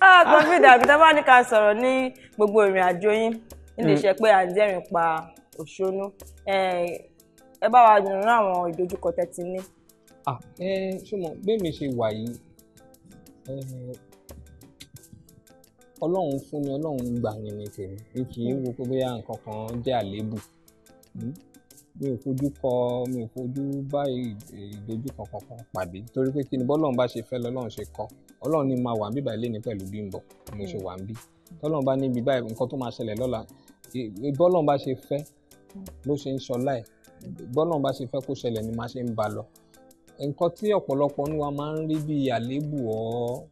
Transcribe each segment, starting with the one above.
ah covid ah. àbí tá a bá ní ká sọ̀rọ̀ ní gbogbo ìrìn àjò yín hmm. nílé iṣẹ́ pé à ń dẹ́rìn pa òṣónú ẹ bá wa dùnrún àwọn ìdojúkọ tẹ́tí ní. Ah, ṣùgbọ́n gbẹ̀mí ṣe wà yìí ọlọ́run fún ni ọlọ́run gbà ni ní tèmi n kì í wo pé bóyá nǹkan kan jẹ́ àléébù hmm? mi ò fojú kọ mi ò fojú bá ìdojúkọ kankan pàdé torí pé kí ni bọ́lọ́run bá ṣe fẹ́ lọ́lọ́run ṣe kọ́ ọlọ́run ni máa wà bíbá ilé ní pẹ̀lú Bímbọ́ mo ṣe mm. wà ń bí tọ́lọ́run bá ní bíbá nǹkan tó máa ṣẹlẹ̀ lọ́la bọ́lọ́run bá ṣe fẹ́ ló ṣe ń ṣọlá ẹ̀ bọ́lọ́run bá ṣe fẹ́ kó ṣẹlẹ̀ ni máa ṣe ń ba lọ nǹkan tí ọ̀pọ̀lọpọ̀ ní wa máa ń rí bí àléébù ọ́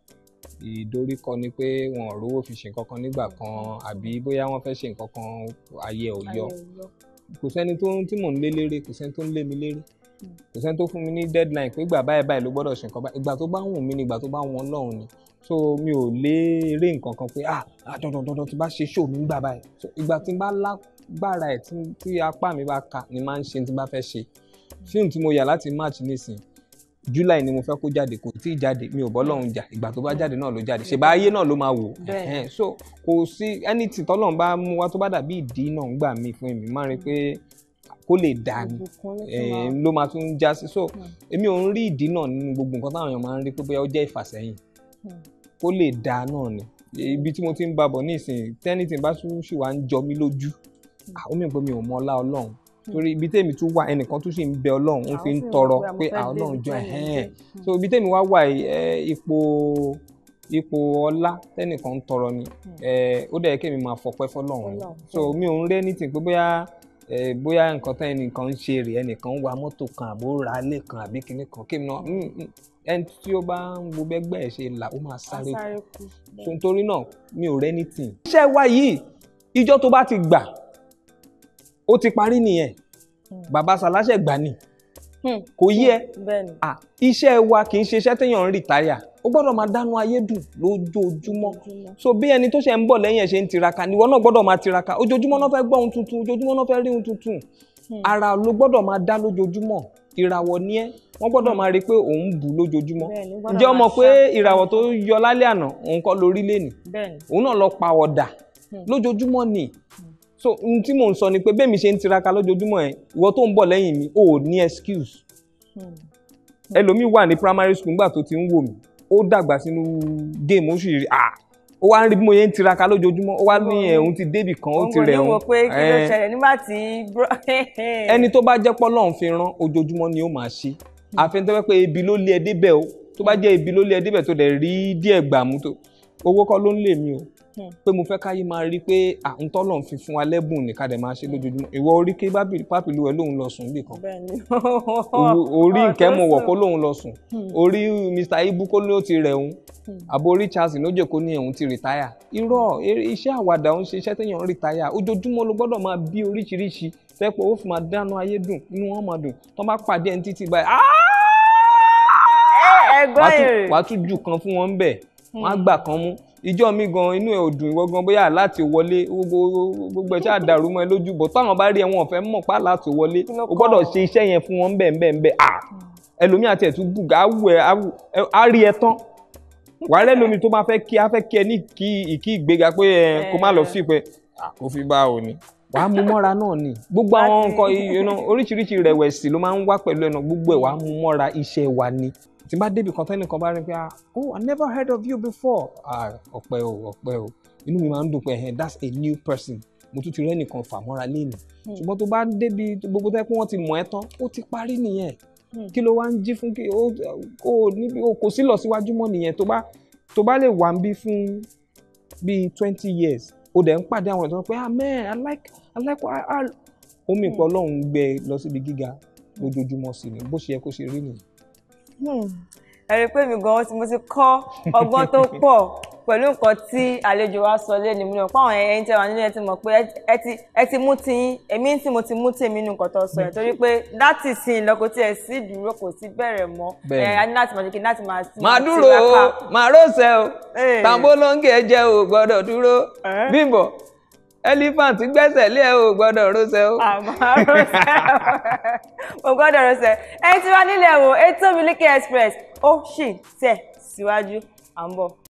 ìdoríkọ ni pé wọn ò rówó fi ṣe nǹkan kan nígbà kan àbí bóyá wọn fẹ́ ṣe nǹkan kan ayé ò kò sẹ́ni tó ń tí mò ń lé léré kò sẹ́ni tó ń lé mi léré kò sẹ́ni tó fún mi ní deadline pé ìgbà báyìí báyìí ló gbọ́dọ̀ ṣe nǹkan báyìí ìgbà tó bá wù mí ni ìgbà tó bá wù Ọlọ́run ni so mi ò lè eré nǹkan kan pé ah, ah dandan dandan ti bá ṣe show mi gbà báyìí so ìgbà tí n bá lágbára ẹ̀ tí apá mi bá ka ni máa ń ṣe tí n bá fẹ́ ṣe fíìmù tí mo yà láti March nísìn July ni mo fẹ́ kó jáde kò tí ì jáde mi ò bọ́ lọ́hùn jà ìgbà tó bá jáde náà ló jáde ṣèbá ayé náà ló máa wò so kò sí anything tọ́lọ́run bá mú wá tó bá dàbí ìdí náà ń gbà mí fún èmi máa rí pé kó lè dà ní ló máa tún já sí so hmm. èmi ò ń rí ìdí náà nínú gbogbo nǹkan táwọn èèyàn máa ń rí pé bóyá ó jẹ́ ìfàsẹ́yìn hmm. kó lè dà náà ni ibi tí mo ti ń babọ̀ ní ìsìn tẹ́nìtì bá tún ṣì wá ń jọ mí lójú àwọn mi ò pé mi ò mọ ọlá ọlọ́run hmm. torí ibi tèmi tún wà ẹnìkan tún sì ń bẹ ọlọ́run ń fi ń tọrọ pé àwọn ọlọ́run jọ ẹ̀hẹ́n so ibi tèmi wá wà ipò ipò ọlá tẹ́nìkan ń tọrọ ni ó dẹ̀ kémi máa fọpẹ́ fọlọ́run so mi ò ń rẹ́ ní tì pé bóyá bóyá nǹkan tán ẹnìkan ń ṣe rèé ẹnìkan ń wa mọ́tò kan àbó ra ilé kan àbí kinní kan kí náà mm, mm. ẹni tí ó bá ń wo bẹ́gbẹ́ ẹ̀ ṣe là ó máa sáré kù nítorí náà mi ò rẹ́ni tì. iṣẹ́ wa yìí ìjọ tó bá ti gbà ó ti parí nìyẹn hmm. bàbá sàlásẹ̀ gbà ni hmm. kò yẹ hmm. iṣẹ́ wa kì í ṣe iṣẹ́ téèyàn ń rìtáyà o gbọ́dọ̀ máa dánú ayé dùn lójoojúmọ́ so bí ẹni tó ṣe ń bọ̀ lẹ́yìn ẹ̀ ṣe ń tiraka níwọ náà gbọ́dọ̀ máa tiraka ojoojúmọ́ náà fẹ́ gbọ́ ohun tuntun ojoojúmọ́ náà fẹ́ rí ohun tuntun hmm. ara ló gbọ́dọ̀ máa dá lójoojúmọ́ ìràwọ̀ ni ẹ́ wọ́n gbọ́dọ̀ máa rí i pé òun bù lójoojúmọ́ ǹjẹ́ o mọ̀ pé ìràwọ̀ tó yọ lálẹ́ àná òun kọ́ lórí lẹ́nì òun náà lọ pa ọ̀dà hmm. lójoojúmọ́ ni hmm. so ohun tí mò ń sọ ni pé bẹ́ẹ̀ mi ṣe ń tiraka lójoojúmọ́ ẹ̀ ìwọ tó ń bọ̀ lẹ́yìn mi ò ní excuse ẹlòmíì wà ní primary school nígbà tó ti ń wò mí ó dàgbà sínú géèmù ó sì rí à ó wá ń rí bí mo yẹn ń tiraka lójoojúmọ́ ó wá ní ẹ̀hún ti débì kan ó ti rẹ̀ ẹ̀hún. òun kò ní wò pé kí ló ṣẹlẹ̀ nígbà tí. ẹni tó bá jẹ́ pé Ọlọ́run fi rán ojoojúmọ́ ni ó máa ṣe àfihàn tó fẹ́ pé ebi ló lé ẹ débẹ̀ o tó bá jẹ́ ebi ló lé ẹ débẹ̀ tó dẹ̀ rí díẹ̀ gbàmú tó owó kọ́ ló ń lè mí o Hmm. pé mo fẹ́ káyé máa rí pé àwọn tọ́lọ̀ ń fi fún wa lẹ́bùn nìkan dẹ̀ máa ṣe lójoojúmọ́ ìwọ orí ké pápìlú ẹ lóun lọ sùn nìkan orí nkẹ́ mo wọ̀ kó lóun lọ sùn hmm. orí Mr Ibu kó ló ti rẹ̀ òun hmm. àbò orí Charles lójó kó ní òun ti rìtáyà irọ́ iṣẹ́ àwàdà òun ṣe iṣẹ́ téèyàn ń rìtáyà ojoojúmọ́ ló gbọ́dọ̀ máa bí oríṣiríṣi fẹ́ pé ó fi máa dáná ayé dùn inú wọn máa dùn tó bá pàdé ẹni títí báyìí wàá tún jù kan fún wọn bẹ́ẹ̀ wọ́n á gbà kan mú ìjọ mi gan inú ẹ ò dùn ìwọ gan bóyá láti wọlé gbogbo ẹ ṣáà dàrú mọ́ ẹ lójú bọ̀ táwọn bá rí ẹ wọn ò fẹ́ mọ̀ pa láti wọlé o gbọ́dọ̀ ṣe iṣẹ́ yẹn fún wọn bẹ́ẹ̀ bẹ́ẹ̀ bẹ́ẹ̀ à hmm. ẹlòmíì àti ẹ̀tún gùgà awù ẹ á rí ẹ tán wàá rẹ lómi tó máa fẹ́ kí á fẹ́ kí ẹ ní ìkí ìgbéga pé ẹ kó má lọ sí ìpẹ́ kó fi bá òní wàá mú mọ́ra náà ni gbogbo àwọn nǹkan oríṣiríṣi rẹ̀wẹ̀sì ló máa ń wá pẹ̀lú ẹ̀nà gbogbo ẹ̀ wàá mú mọ́ra iṣẹ́ wa ni tí n bá débi kan tẹ́lẹ̀ kan bá rí pé ah, oh I never heard of you before ah, ọpẹ́ o ọpẹ́ o inú mi máa ń dùn pé that's a new person mo tún ti rẹ́ nìkan fà mọ́ra léènì hmm. ṣùgbọ́n tó bá débi gbogbo tẹ́ pé wọ́n ti mọ̀ ẹ́ tán ó ti parí nìyẹn hmm. kí ló wá ń jí fún kí o níbi o kò sí lọ síwájú mọ́ nìyẹn tó bá tó bá lè wà ń bí fún bíi twenty years o dẹ̀ ń pàdé àwọn ìtọ́jú pé amen ah, I like I like omi ìpọ́ hmm. ọlọ́run gbé lọ síbi gíga lójoojúmọ́ sí ni bó ṣe yẹ kó ṣe rí nìyẹn. Hmm. ẹ rí i pé mi gan mo ti kọ́ ọgbọ́n tó pọ̀ pẹ̀lú nǹkan tí àlejò wa sọ lẹ́nu mi ò pa àwọn ẹyin tẹ́wà nínú ẹ ti mọ̀ pé ẹ ti mú tiyín èmi tí mo ti mú tèmi nínú nǹkan tó sọ yẹn torí pé láti sin ìlọ́kọ tí ẹ sì dúró kò sí bẹ̀rẹ̀ mọ́ ẹ a ní láti máa jẹ́kí láti máa sí. màá dúró o màá rọ̀ṣẹ̀ o tàǹbó ló jẹ́ o gbọ́dọ̀ dúró Bímbọ́ elephant gbẹ́sẹ̀ lé ẹ o gbọ́dọ̀ rọ́ṣẹ́ o. àmọ́ rọ́ṣẹ́ o gbọ́dọ̀ rọ́ṣẹ́ ẹ ti wá nílẹ̀ wo ètò Miliki Express ó sì tẹ̀ síwájú à ń bọ̀.